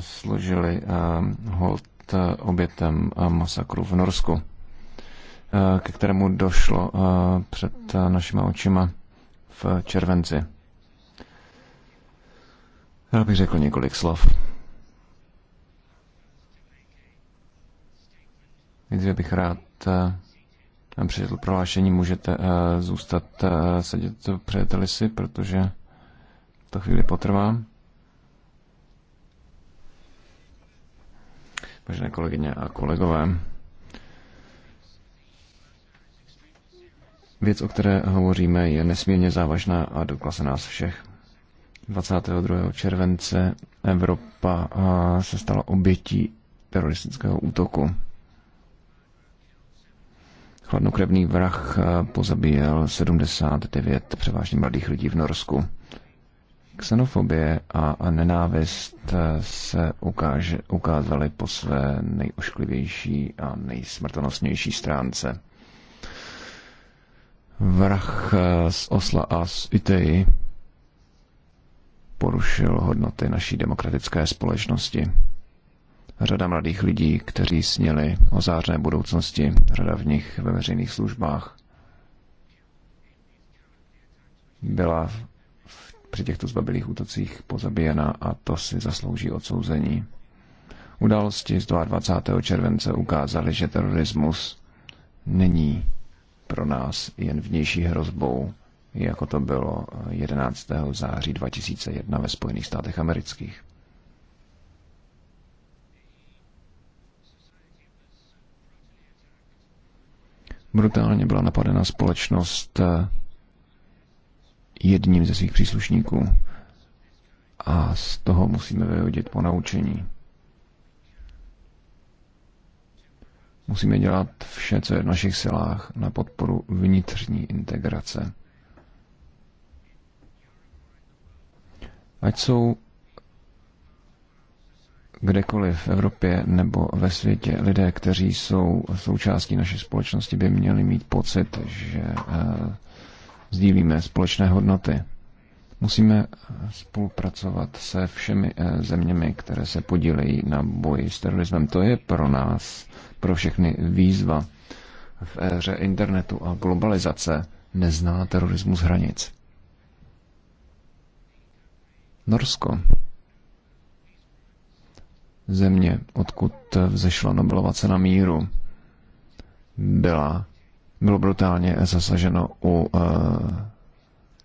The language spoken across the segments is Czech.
složili hold e, obětem e, masakru v Norsku, e, ke kterému došlo před našima očima v červenci. Já bych řekl několik slov. Nejdříve bych rád přečetl prohlášení, můžete zůstat sedět, přejete si, protože to chvíli potrvá. vážené kolegyně a kolegové. Věc, o které hovoříme, je nesmírně závažná a dokla se nás všech. 22. července Evropa se stala obětí teroristického útoku. Chladnokrevný vrah pozabíjel 79 převážně mladých lidí v Norsku. Xenofobie a nenávist eh, se ukáže, ukázaly po své nejošklivější a nejsmrtonosnější stránce. Vrah eh, z Osla a z Itei porušil hodnoty naší demokratické společnosti. Řada mladých lidí, kteří sněli o zářné budoucnosti, řada v nich ve veřejných službách, byla při těchto zbabilých útocích pozabíjena a to si zaslouží odsouzení. Události z 22. července ukázaly, že terorismus není pro nás jen vnější hrozbou, jako to bylo 11. září 2001 ve Spojených státech amerických. Brutálně byla napadena společnost jedním ze svých příslušníků. A z toho musíme vyhodit po naučení. Musíme dělat vše, co je v našich silách na podporu vnitřní integrace. Ať jsou kdekoliv v Evropě nebo ve světě lidé, kteří jsou součástí naší společnosti, by měli mít pocit, že eh, sdílíme společné hodnoty. Musíme spolupracovat se všemi eh, zeměmi, které se podílejí na boji s terorismem. To je pro nás, pro všechny výzva. V éře internetu a globalizace nezná terorismus hranic. Norsko. Země, odkud vzešla Nobelova cena míru, byla bylo brutálně zasaženo u eh,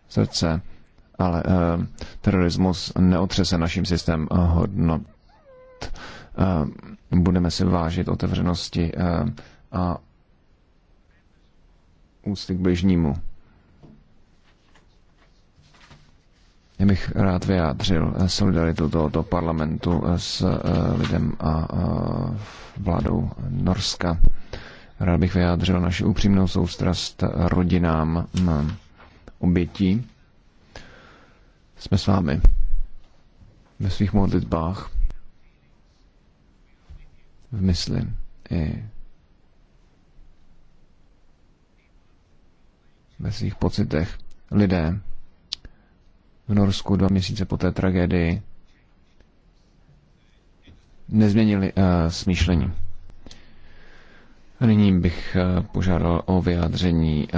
srdce, ale eh, terorismus neotřese naším systém eh, hodnot. Budeme si vážit otevřenosti a úcty k bližnímu. Já bych rád vyjádřil solidaritu tohoto parlamentu s lidem a vládou Norska. Rád bych vyjádřil naši upřímnou soustrast rodinám obětí. Jsme s vámi ve svých modlitbách, v mysli i ve svých pocitech. Lidé v Norsku dva měsíce po té tragédii nezměnili uh, smýšlení. Nyní bych eh, požádal o vyjádření eh,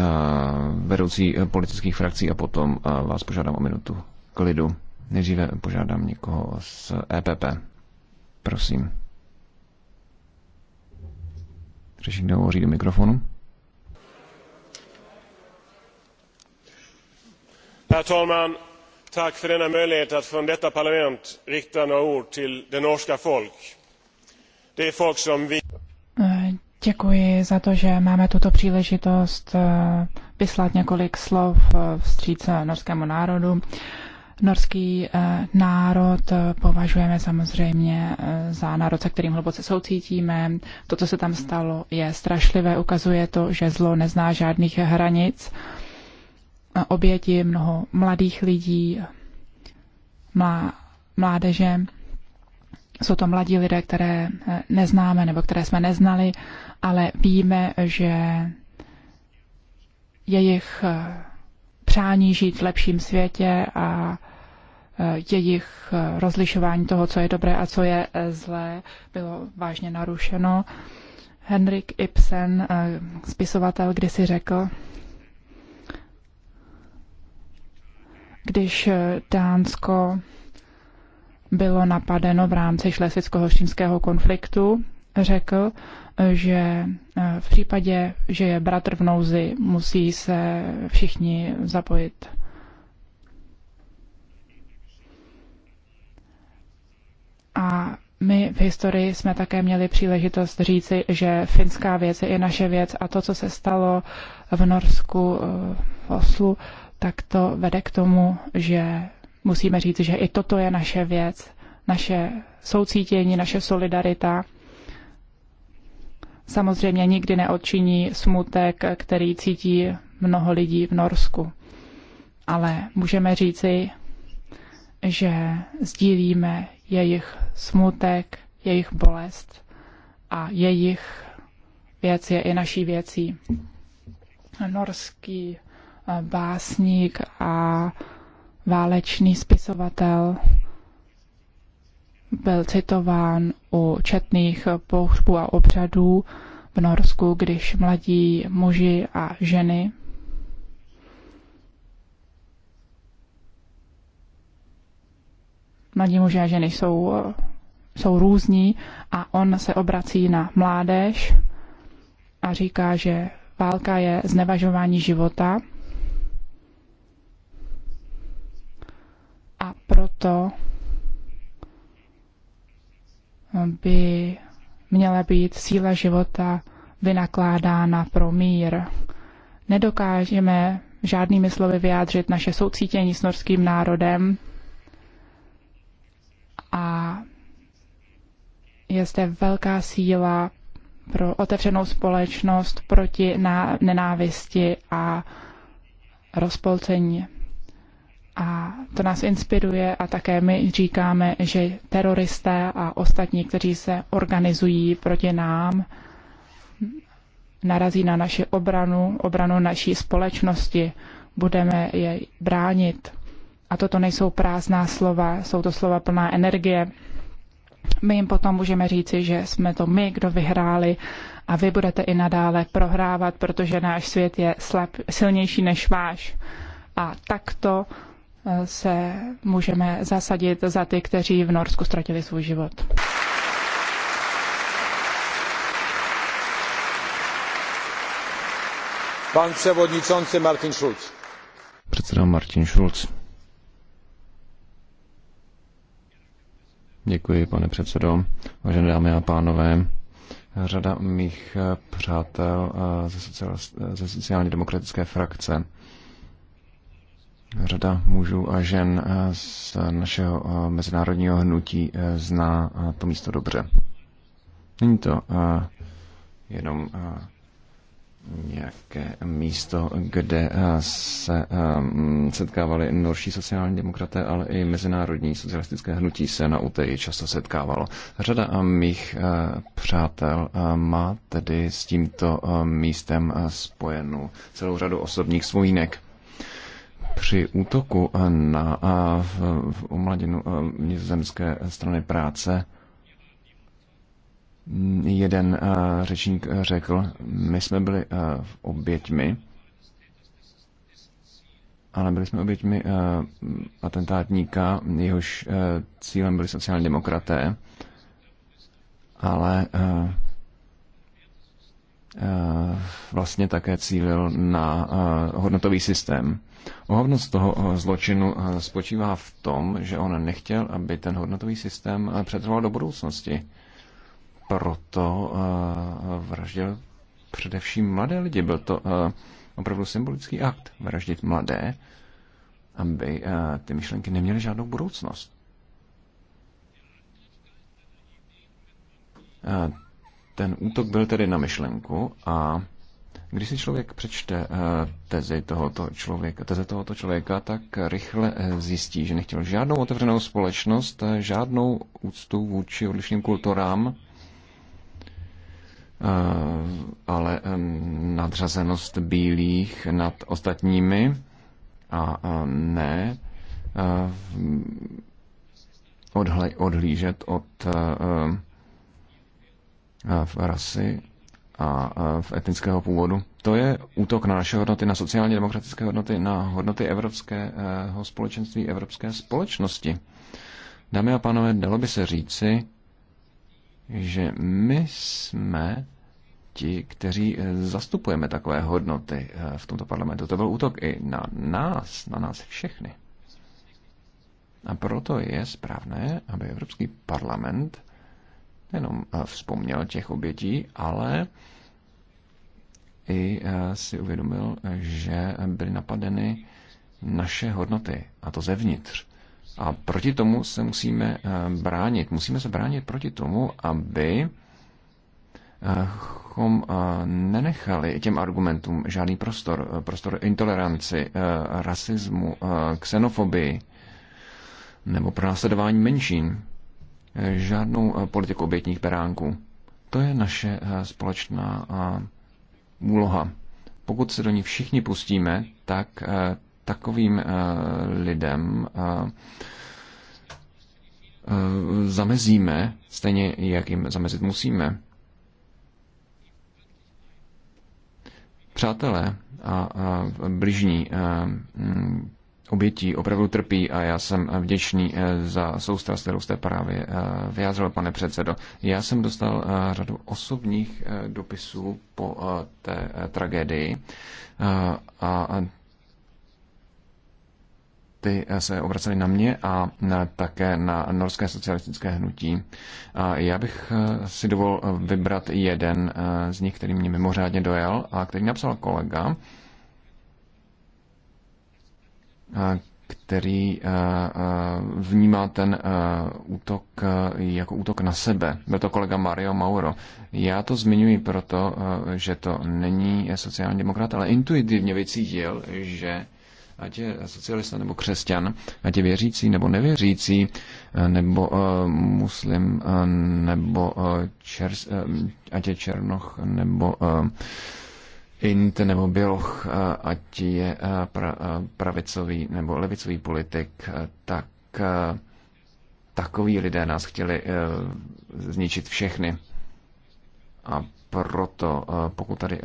vedoucí eh, politických frakcí a potom vás požádám o minutu klidu. Nejdříve požádám někoho z EPP. Prosím. Řešík hovoří do mikrofonu. Herr talman! Tack för denna möjlighet att från detta parlament rikta några ord till det norska folk. Det folk som vi Děkuji za to, že máme tuto příležitost eh, vyslat několik slov eh, vstříc eh, norskému národu. Norský národ považujeme samozřejmě za národ, se kterým hluboce soucítíme. To, co se tam stalo, je strašlivé. Ukazuje to, že zlo nezná žádných hranic. Oběti mnoho mladých lidí, mládeže. Jsou to mladí lidé, které eh, neznáme nebo které jsme neznali, ale víme, že jejich eh, přání žít v lepším světě a eh, jejich rozlišování toho, co je dobré a co je zlé, bylo vážně narušeno. Henrik Ibsen, spisovatel, kdysi řekl, když Dánsko bylo napadeno v rámci šlesicko-hoštinského konfliktu, řekl, že eh, v případě, že je bratr v nouzi, musí se všichni zapojit. A my v historii jsme také měli příležitost říci, že finská věc je i naše věc a to, co se stalo v Norsku eh, v Oslu, tak to vede k tomu, že musíme říct, že i toto je naše věc, naše soucítění, naše solidarita. Samozřejmě nikdy neodčiní smutek, který cítí mnoho lidí v Norsku. Ale můžeme říci, že sdílíme jejich smutek, jejich bolest a jejich věc je i naší věcí. Norský eh, básník a válečný spisovatel, byl citován u četných pohřbů a obřadů v Norsku, když mladí muži a ženy mladí muži a ženy jsou, jsou různí a on se obrací na mládež a říká, že válka je znevažování života to by měla být síla života vynakládána pro mír. Nedokážeme žádnými slovy vyjádřit naše soucítění s norským národem a je zde velká síla pro otevřenou společnost proti nenávisti a rozpolcení. A to nás inspiruje a také my říkáme, že teroristé a ostatní, kteří se organizují proti nám, narazí na naši obranu, obranu naší společnosti. Budeme je bránit. A toto nejsou prázdná slova, jsou to slova plná energie. My jim potom můžeme říci, že jsme to my, kdo vyhráli a vy budete i nadále prohrávat, protože náš svět je slab, silnější než váš. A takto se můžeme zasadit za ty, kteří v Norsku ztratili svůj život. Pan předsedající Martin Schulz. Předseda Martin Schulz. Děkuji, pane předsedo. Vážené dámy a pánové, řada mých přátel eh, ze eh, sociální demokratické frakce Řada mužů a žen eh, z našeho eh, mezinárodního hnutí eh, zná to místo dobře. Není to jenom nějaké místo, kde se setkávali norší sociální demokraté, ale i mezinárodní socialistické hnutí se na úteji často setkávalo. Řada mých přátel má tedy s tímto místem spojenou celou řadu osobních svojínek. Při útoku na omladinu nizozemské strany práce jeden řečník řekl, my jsme byli oběťmi, ale byli jsme oběťmi atentátníka, jehož cílem byli sociální demokraté, ale vlastně také cílil na hodnotový systém. Ohavnost toho eh, zločinu eh, spočívá v tom, že on nechtěl, aby ten hodnotový systém eh, přetrval do budoucnosti. Proto vraždil především mladé lidi. Byl to opravdu symbolický akt vraždit mladé, aby ty myšlenky neměly žádnou budoucnost. Ten útok byl tedy na myšlenku a když si člověk přečte eh, tezi tohoto člověka, teze tohoto člověka, tak rychle eh, zjistí, že nechtěl žádnou otevřenou společnost, eh, žádnou úctu vůči odlišným kulturám, ale nadřazenost bílých nad ostatními a ne odhlížet od rasy a v etnického původu. To je útok na naše hodnoty, na sociálně demokratické hodnoty, na hodnoty evropského společenství, evropské společnosti. Dámy a pánové, dalo by se říci, že my jsme ti, kteří zastupujeme takové hodnoty eh, v tomto parlamentu. To byl útok i na nás, na nás všechny. A proto je správné, aby Evropský parlament nejenom eh, vzpomněl těch obětí, ale i eh, si uvědomil, že byly napadeny naše hodnoty, a to zevnitř. A proti tomu se musíme eh, bránit. Musíme se bránit proti tomu, aby chom nenechali těm argumentům žádný prostor. Prostor intoleranci, rasismu, xenofobii nebo pronásledování menšin žádnou eh, politiku obětních beránků. To je naše eh, společná eh, úloha. Pokud se do ní všichni pustíme, tak takovým lidem zamezíme, stejně jak jim zamezit musíme. Přátelé a, a bližní a, obětí opravdu trpí a já jsem vděčný eh, za soustrast, kterou jste právě eh, vyjádřil, pane předsedo. Já jsem dostal eh, řadu osobních dopisů po té tragédii a ty se obraceli na mě a na, také na norské socialistické hnutí. A já bych si dovolil vybrat jeden z nich, který mě mimořádně dojel a který napsal kolega, který vnímá ten útok jako útok na sebe. Byl to kolega Mario Mauro. Já to zmiňuji proto, že to není sociální demokrat, ale intuitivně vycítil, že ať je socialista nebo křesťan, ať je věřící nebo nevěřící, nebo uh, muslim, uh, nebo uh, čers, uh, ať je černoch, nebo uh, Int nebo Běloch, ať je pravicový nebo levicový politik, tak takoví lidé nás chtěli e, zničit všechny. A proto, e, pokud tady e,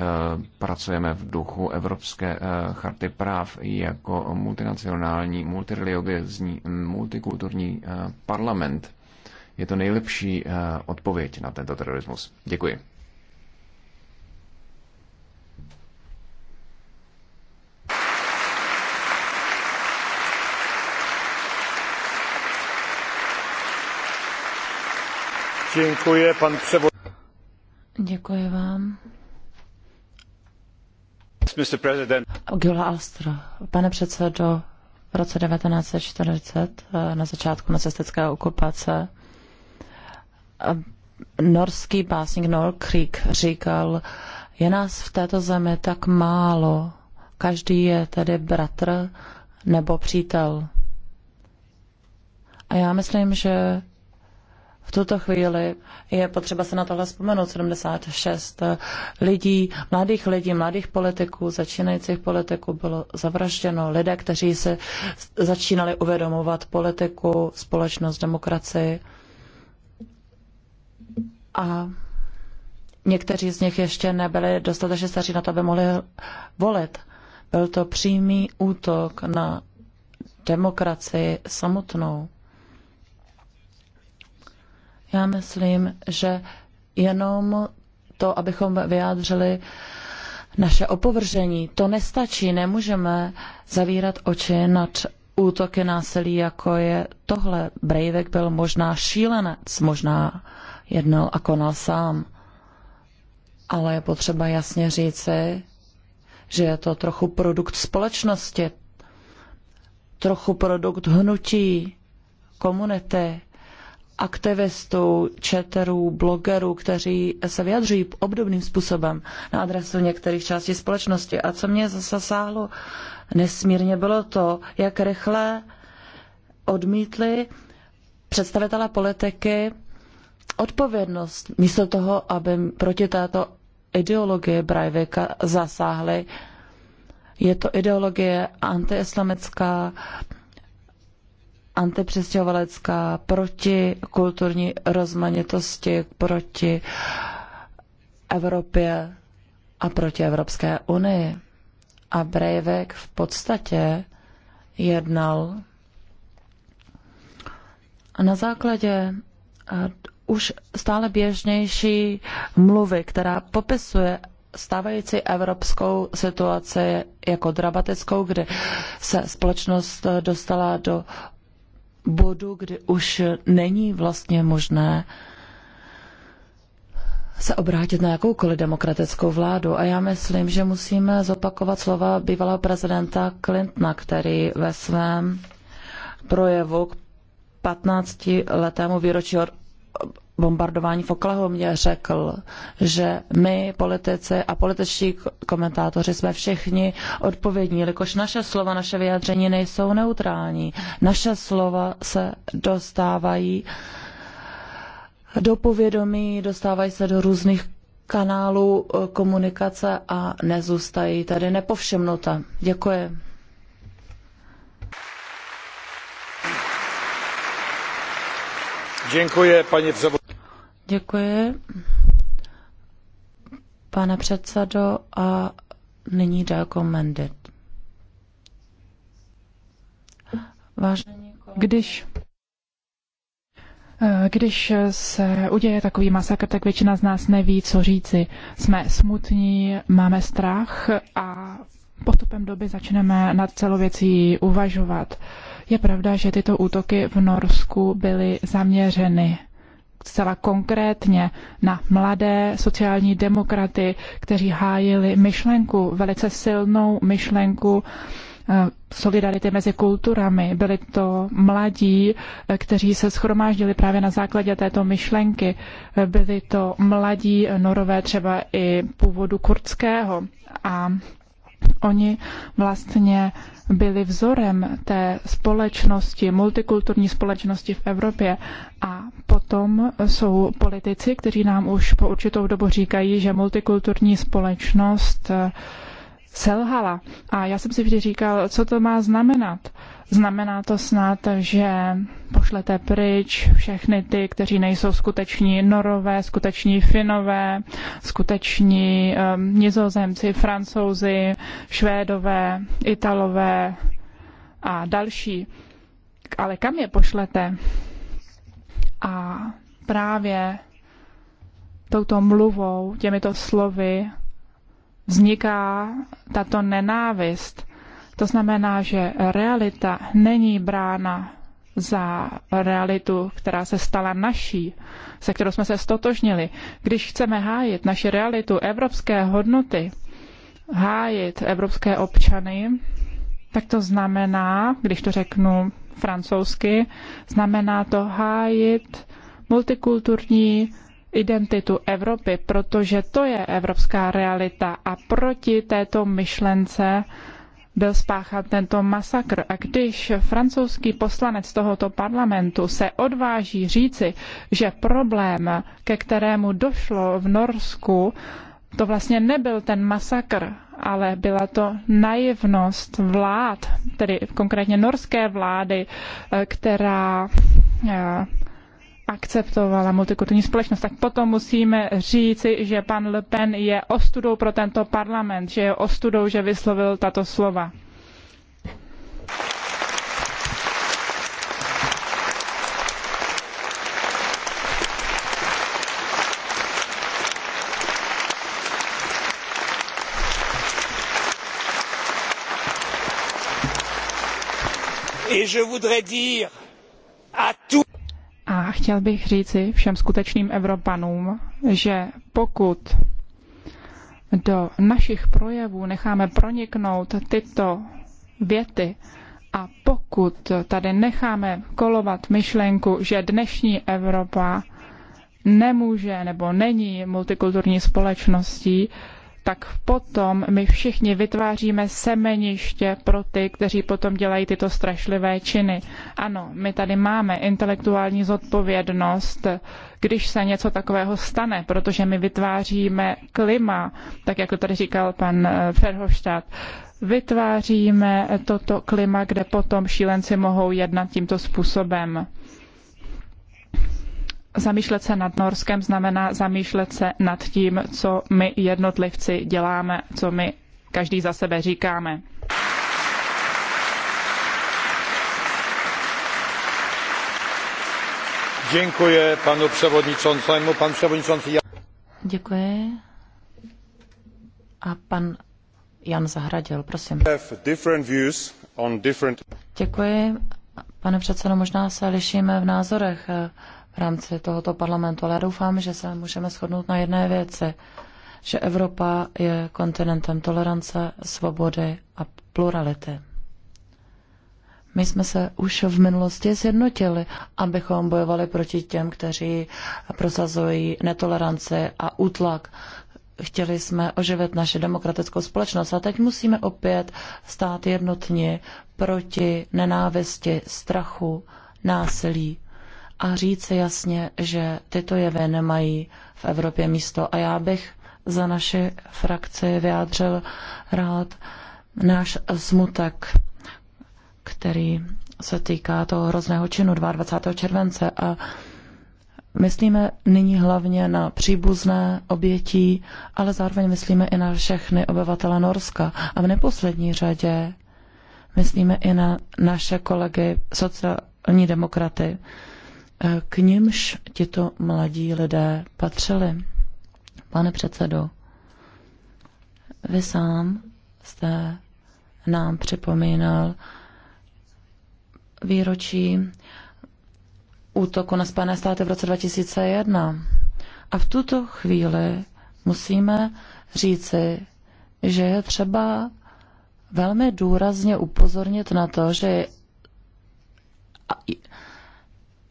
pracujeme v duchu Evropské charty práv jako multinacionální, multireligiozní, multikulturní parlament, je to nejlepší odpověď na tento terorismus. Děkuji. Děkuji, pan převod... Děkuji vám. Mr. President. Gula Alstra, pane předsedo, v roce 1940 eh, na začátku nacistické okupace eh, norský básník Noel Creek říkal, je nás v této zemi tak málo, každý je tedy bratr nebo přítel. A já myslím, že v tuto chvíli je potřeba se na tohle vzpomenout. 76 lidí, mladých lidí, mladých politiků, začínajících politiků bylo zavražděno. Lidé, kteří se začínali uvědomovat politiku, společnost, demokracii. A někteří z nich ještě nebyli dostatečně staří na to, aby mohli volit. Byl to přímý útok na demokracii samotnou. Já myslím, že jenom to, abychom vyjádřili naše opovržení, to nestačí. Nemůžeme zavírat oči nad útoky násilí, jako je tohle. Breivik byl možná šílenec, možná jednal a konal sám. Ale je potřeba jasně říci, že je to trochu produkt společnosti, trochu produkt hnutí, komunity, aktivistů, četerů, blogerů, kteří se vyjadřují obdobným způsobem na adresu některých částí společnosti. A co mě zasáhlo nesmírně bylo to, jak rychle odmítli představitelé politiky odpovědnost místo toho, aby proti této ideologii Breivika zasáhli. Je to ideologie antiislamická, antipřestěhovalecká, proti kulturní rozmanitosti, proti Evropě a proti Evropské unii. A Breivik v podstatě jednal na základě eh, už stále běžnější mluvy, která popisuje stávající evropskou situaci jako dramatickou, kdy se společnost dostala do bodu, kdy už není vlastně možné se obrátit na jakoukoliv demokratickou vládu. A já myslím, že musíme zopakovat slova bývalého prezidenta Clintona, který ve svém projevu k 15 letému výročí bombardování v Oklahomě řekl, že my, politici a političtí komentátoři, jsme všichni odpovědní, jelikož naše slova, naše vyjádření nejsou neutrální. Naše slova se dostávají do povědomí, dostávají se do různých kanálů eh, komunikace a nezůstají tady nepovšimnuta. Děkuji. pane předsedo, a nyní Dalko Mendit. Když když se uděje takový masakr, tak většina z nás neví, co říci. Jsme smutní, máme strach a postupem doby začneme nad celou věcí uvažovat. Uh, je pravda, že tyto útoky v Norsku byly zaměřeny zcela konkrétně na mladé sociální demokraty, kteří hájili myšlenku, velice silnou myšlenku eh, solidarity mezi kulturami. Byli to mladí, eh, kteří se schromáždili právě na základě této myšlenky. Eh, byli to mladí norové třeba i původu kurdského. A Oni vlastně byli vzorem té společnosti, multikulturní společnosti v Evropě. A potom jsou politici, kteří nám už po určitou dobu říkají, že multikulturní společnost selhala. A já jsem si vždy říkal, co to má znamenat. Znamená to snad, že pošlete pryč všechny ty, kteří nejsou skuteční norové, skuteční finové, skuteční um, nizozemci, francouzi, švédové, italové a další. Ale kam je pošlete? A právě touto mluvou, těmito slovy vzniká tato nenávist. To znamená, že realita není brána za realitu, která se stala naší, se kterou jsme se stotožnili. Když chceme hájit naši realitu, evropské hodnoty, hájit evropské občany, tak to znamená, když to řeknu francouzsky, znamená to hájit multikulturní identitu Evropy, protože to je evropská realita a proti této myšlence byl spáchat tento masakr. A když francouzský poslanec tohoto parlamentu se odváží říci, že problém, ke kterému došlo v Norsku, to vlastně nebyl ten masakr, ale byla to naivnost vlád, tedy konkrétně norské vlády, eh, která eh, akceptovala multikulturní společnost, tak potom musíme říci, že pan Le Pen je ostudou pro tento parlament, že je ostudou, že vyslovil tato slova. Et je voudrais dire à tous chtěl bych říci všem skutečným Evropanům, že pokud do našich projevů necháme proniknout tyto věty a pokud tady necháme kolovat myšlenku, že dnešní Evropa nemůže nebo není multikulturní společností, tak potom my všichni vytváříme semeniště pro ty, kteří potom dělají tyto strašlivé činy. Ano, my tady máme intelektuální zodpovědnost, když se něco takového stane, protože my vytváříme klima, tak jak to tady říkal pan eh, Ferhoštát, vytváříme toto klima, kde potom šílenci mohou jednat tímto způsobem zamýšlet se nad Norskem znamená zamýšlet se nad tím, co my jednotlivci děláme, co my každý za sebe říkáme. Děkuji panu převodničoncemu. Pan przewodniczący Jan... Děkuji. A pan Jan Zahradil, prosím. Děkuji. Pane předsedo, možná se lišíme v názorech v rámci tohoto parlamentu, ale já doufám, že se můžeme shodnout na jedné věci, že Evropa je kontinentem tolerance, svobody a plurality. My jsme se už v minulosti zjednotili, abychom bojovali proti těm, kteří prosazují netoleranci a útlak. Chtěli jsme oživit naše demokratickou společnost a teď musíme opět stát jednotně proti nenávisti, strachu, násilí a říci jasně, že tyto jevy nemají v Evropě místo. A já bych za naši frakci vyjádřil rád náš smutek, který se týká toho hrozného činu 22. července a Myslíme nyní hlavně na příbuzné obětí, ale zároveň myslíme i na všechny obyvatele Norska. A v neposlední řadě myslíme i na naše kolegy sociální demokraty, E, k nimž tito mladí lidé patřili. Pane předsedo, vy sám jste nám připomínal výročí útoku na Spojené státy v roce 2001. A v tuto chvíli musíme říci, že je třeba velmi důrazně upozornit na to, že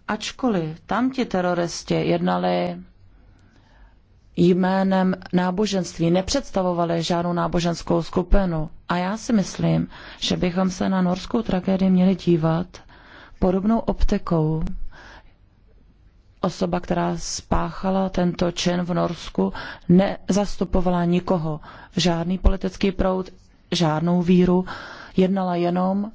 ačkoliv tam ti teroristi jednali jménem náboženství, nepředstavovali žádnou náboženskou skupinu. A já si myslím, že bychom se na norskou tragédii měli dívat podobnou optikou. Osoba, která spáchala tento čin v Norsku, nezastupovala nikoho, žádný politický proud, žádnou víru, jednala jenom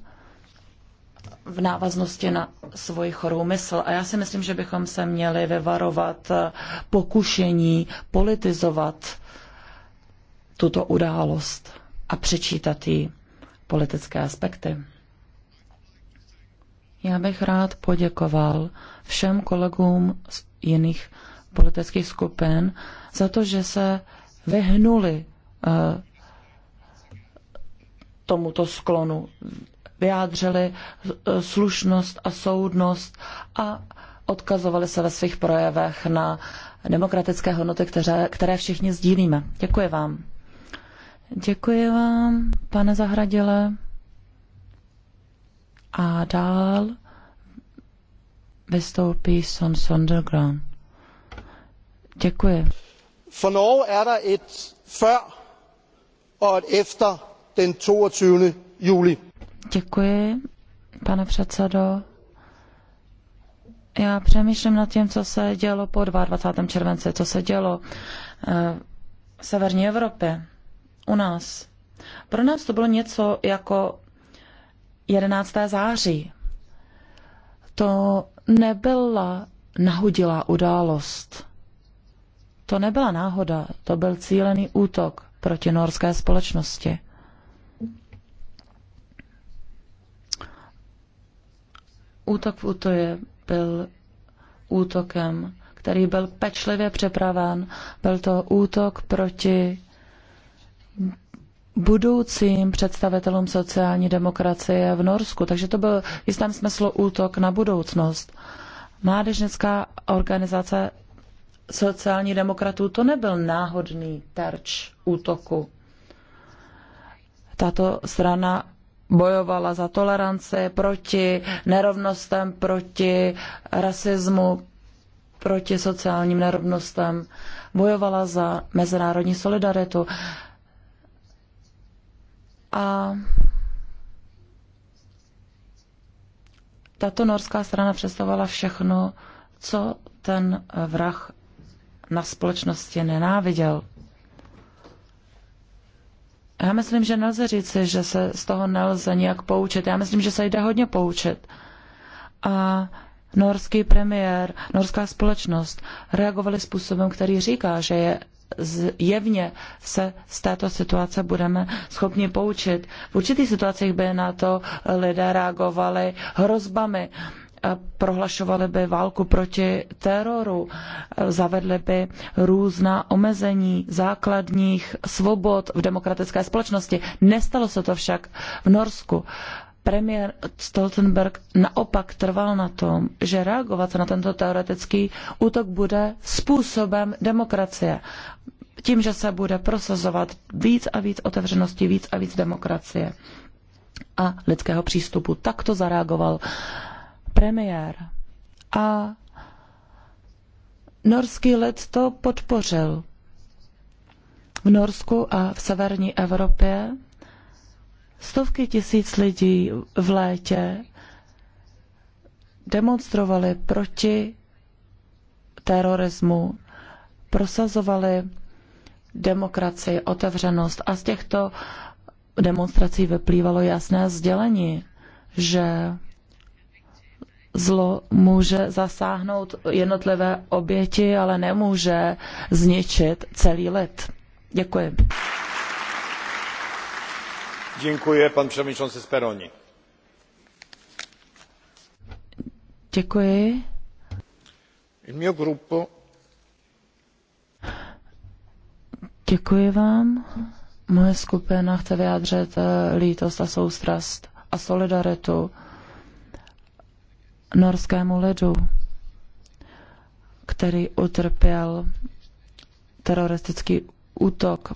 v návaznosti na svoji chorou mysl. A já si myslím, že bychom se měli vyvarovat eh, pokušení politizovat tuto událost a přečítat jí politické aspekty. Já bych rád poděkoval všem kolegům z jiných politických skupin za to, že se vyhnuli eh, tomuto sklonu vyjádřili e, slušnost a soudnost a odkazovali se ve svých projevech na demokratické hodnoty, které, které všichni sdílíme. Děkuji vám. Děkuji vám, pane Zahradile. A dál vystoupí Son Sondergran. Děkuji. For Norge er der et før og et efter den 22. juli. Děkuji, pane předsedo. Já přemýšlím nad tím, co se dělo po 22. července, co se dělo eh, v severní Evropě, u nás. Pro nás to bylo něco jako 11. září. To nebyla nahodilá událost. To nebyla náhoda, to byl cílený útok proti norské společnosti. Útok v Utoje byl útokem, který byl pečlivě přepraván. Byl to útok proti budoucím představitelům sociální demokracie v Norsku. Takže to byl v jistém smyslu útok na budoucnost. Mládežnická organizace sociální demokratů to nebyl náhodný terč útoku. Tato strana bojovala za toleranci, proti nerovnostem, proti rasismu, proti sociálním nerovnostem, bojovala za mezinárodní solidaritu. A tato norská strana představovala všechno, co ten vrah na společnosti nenáviděl. Já myslím, že nelze říci, že se z toho nelze nějak poučit. Já myslím, že se jde hodně poučit. A norský premiér, norská společnost reagovali způsobem, který říká, že je zjevně se z této situace budeme schopni poučit. V určitých situacích by na to lidé reagovali hrozbami prohlašovali by válku proti teroru, zavedli by různá omezení základních svobod v demokratické společnosti. Nestalo se to však v Norsku. Premiér Stoltenberg naopak trval na tom, že reagovat na tento teoretický útok bude způsobem demokracie. Tím, že se bude prosazovat víc a víc otevřenosti, víc a víc demokracie a lidského přístupu. Takto zareagoval premiér. A norský lid to podpořil. V Norsku a v severní Evropě stovky tisíc lidí v létě demonstrovali proti terorismu, prosazovali demokracii, otevřenost a z těchto demonstrací vyplývalo jasné sdělení, že zlo může zasáhnout jednotlivé oběti, ale nemůže zničit celý lid. Děkuji. Děkuji, pan předsedající Speroni. Děkuji. Il mio gruppo. Děkuji vám. Moje skupina chce vyjádřit eh, lítost a soustrast a solidaritu norskému lidu, který utrpěl teroristický útok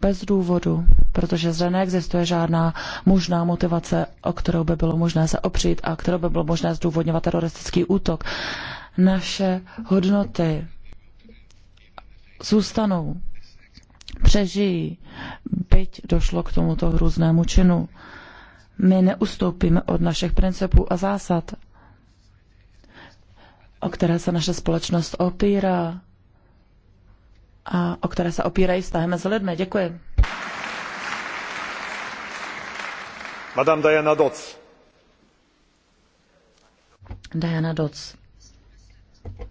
bez důvodu, protože zde neexistuje žádná možná motivace, o kterou by bylo možné se opřít a kterou by bylo možné zdůvodňovat teroristický útok. Naše hodnoty zůstanou, přežijí, byť došlo k tomuto hrůznému činu. My neustoupíme od našich principů a zásad o které se naše společnost opírá a o které se opírají vztahy mezi lidmi. Děkuji. Madame Diana Dodds. Diana Dodds.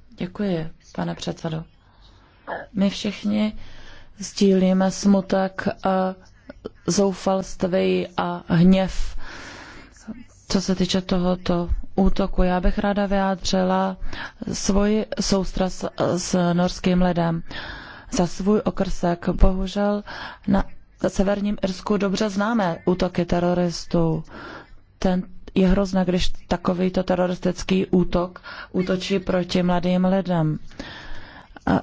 Děkuji, pane předsedo. My všichni sdílíme smutek a zoufalství a hněv co se týče tohoto útoku, já bych ráda vyjádřila svoji soustrast s norským lidem za svůj okrsek. Bohužel na severním Irsku dobře známe útoky teroristů. Ten je hrozné, když takovýto teroristický útok útočí proti mladým lidem. A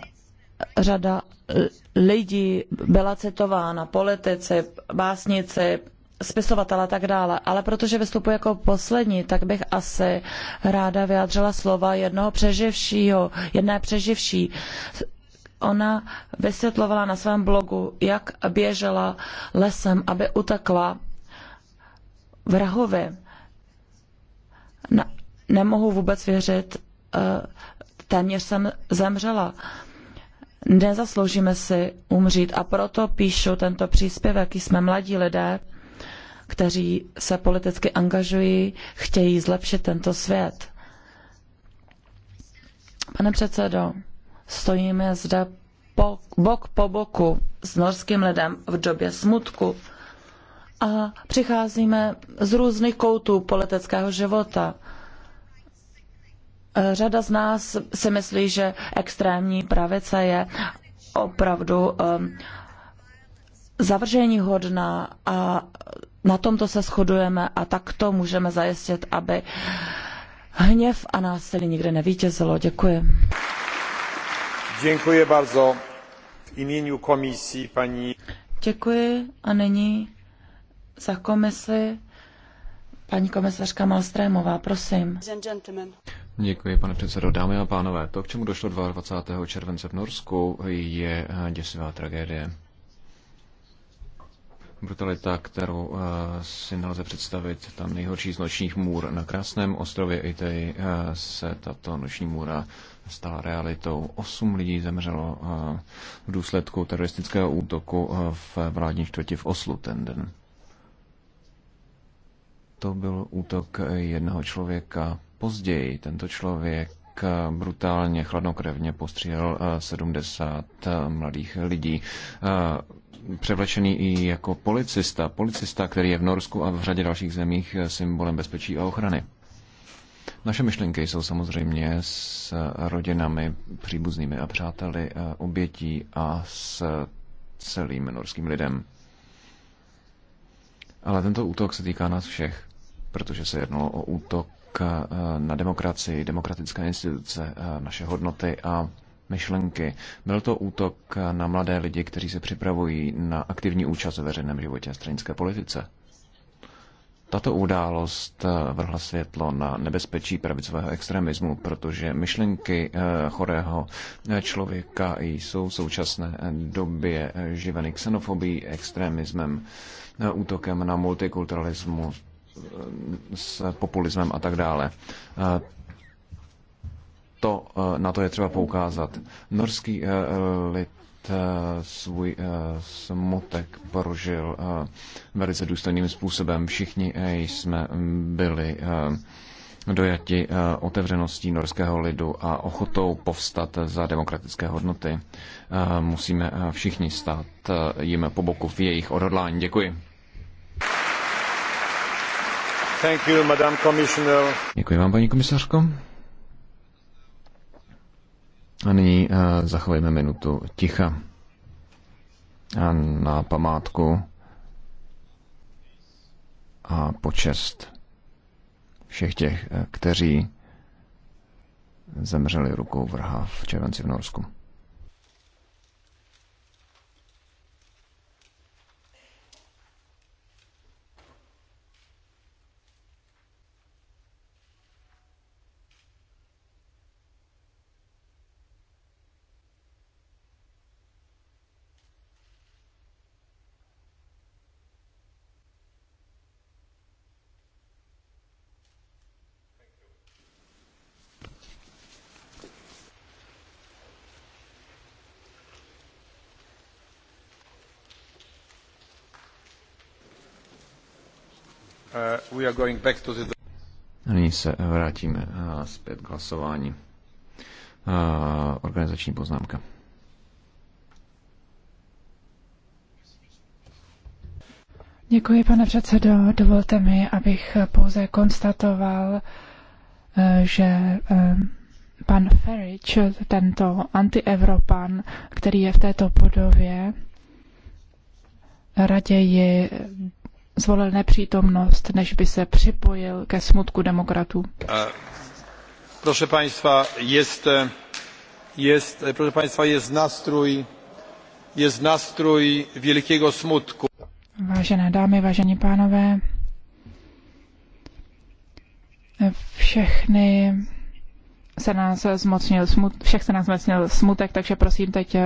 řada lidí byla citována, politici, básnici, spisovatel a tak dále. Ale protože vystupuji jako poslední, tak bych asi ráda vyjádřila slova jednoho přeživšího, jedné přeživší. Ona vysvětlovala na svém blogu, jak běžela lesem, aby utekla vrahovi. Na, nemohu vůbec věřit, eh, téměř jsem zemřela. Nezasloužíme si umřít a proto píšu tento příspěvek. Jsme mladí lidé, kteří se politicky angažují, chtějí zlepšit tento svět. Pane předsedo, stojíme zde po, bok po boku s norským lidem v době smutku a přicházíme z různých koutů politického života. Řada z nás si myslí, že extrémní pravice je opravdu um, zavržení hodná a na tomto se shodujeme a takto můžeme zajistit, aby hněv a násilí nikdy nevítězilo. Děkuji. Děkuji bardzo. V imieniu komisí paní... Děkuji a nyní za komisi paní komisařka Malstrémová, prosím. Děkuji, pane předsedo. Dámy a pánové, to, k čemu došlo 22. července v Norsku, je děsivá tragédie brutalita, kterou eh, si nelze představit. Tam nejhorší z nočních můr na krásném ostrově uh, se tato noční můra stala realitou. Osm lidí zemřelo eh, v důsledku teroristického útoku v vládní čtvrti v Oslu ten den. To byl útok jednoho člověka. Později tento člověk brutálně chladnokrevně postřílel 70 eh, eh, mladých lidí eh, převlečený i jako policista. Policista, který je v Norsku a v řadě dalších zemích symbolem bezpečí a ochrany. Naše myšlenky jsou samozřejmě s rodinami, příbuznými a přáteli obětí a s celým norským lidem. Ale tento útok se týká nás všech, protože se jednalo o útok Eh, na demokracii, demokratické instituce, eh, naše hodnoty a myšlenky. Byl to útok eh, na mladé lidi, kteří se připravují na aktivní účast ve veřejném životě a stranické politice. Tato událost vrhla světlo na nebezpečí pravicového extremismu, protože myšlenky chorého člověka jsou v současné době živeny xenofobí, extremismem, útokem na multikulturalismus, s populismem a tak dále. Eh, to, eh, na to je třeba poukázat. Norský eh, lid svůj smutek prožil velice důstojným způsobem. Všichni jsme byli dojati otevřeností norského lidu a ochotou povstat za demokratické hodnoty. Musíme všichni stát jim po boku v jejich odhodlání. Děkuji. Děkuji vám, paní komisařko. A nyní uh, zachovejme minutu ticha. A na památku a počest všech těch, eh, kteří zemřeli rukou vrha v červenci v Norsku. Uh, nyní se vrátíme uh, zpět k hlasování. Uh, organizační poznámka. Děkuji, pane předsedo. Dovolte mi, abych pouze konstatoval, že um, pan Ferič, tento antievropan, který je v této budově, raději zvolil nepřítomnost, než by se připojil ke smutku demokratů. Proszę Państwa, jest, jest, proszę Państwa, jest nastrój, jest nastrój wielkiego smutku. Vážené dámy, vážení pánové, všechny se nás zmocnil smut, všech se nás zmocnil smutek, takže prosím teď